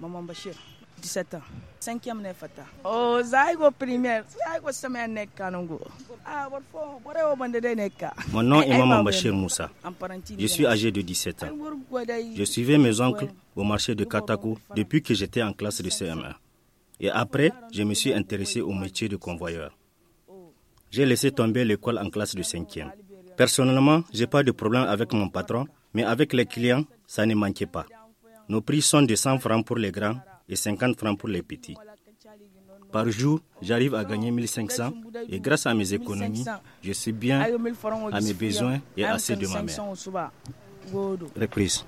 Maman Bachir, 17 ans. Cinquième e fata. Oh, zaigo zaigo Ah, neka. Mon nom est eh, eh, Maman Bachir Moussa. Je suis âgé de 17 ans. Je suivais mes oncles au marché de Katakou depuis que j'étais en classe de CM1. Et après, je me suis intéressé au métier de convoyeur. J'ai laissé tomber l'école en classe de 5e. Personnellement, je n'ai pas de problème avec mon patron, mais avec les clients, ça ne manquait pas. Nos prix sont de 100 francs pour les grands et 50 francs pour les petits. Par jour, j'arrive à gagner 1500 et grâce à mes économies, je suis bien à mes besoins et à ceux de ma mère. Reprise.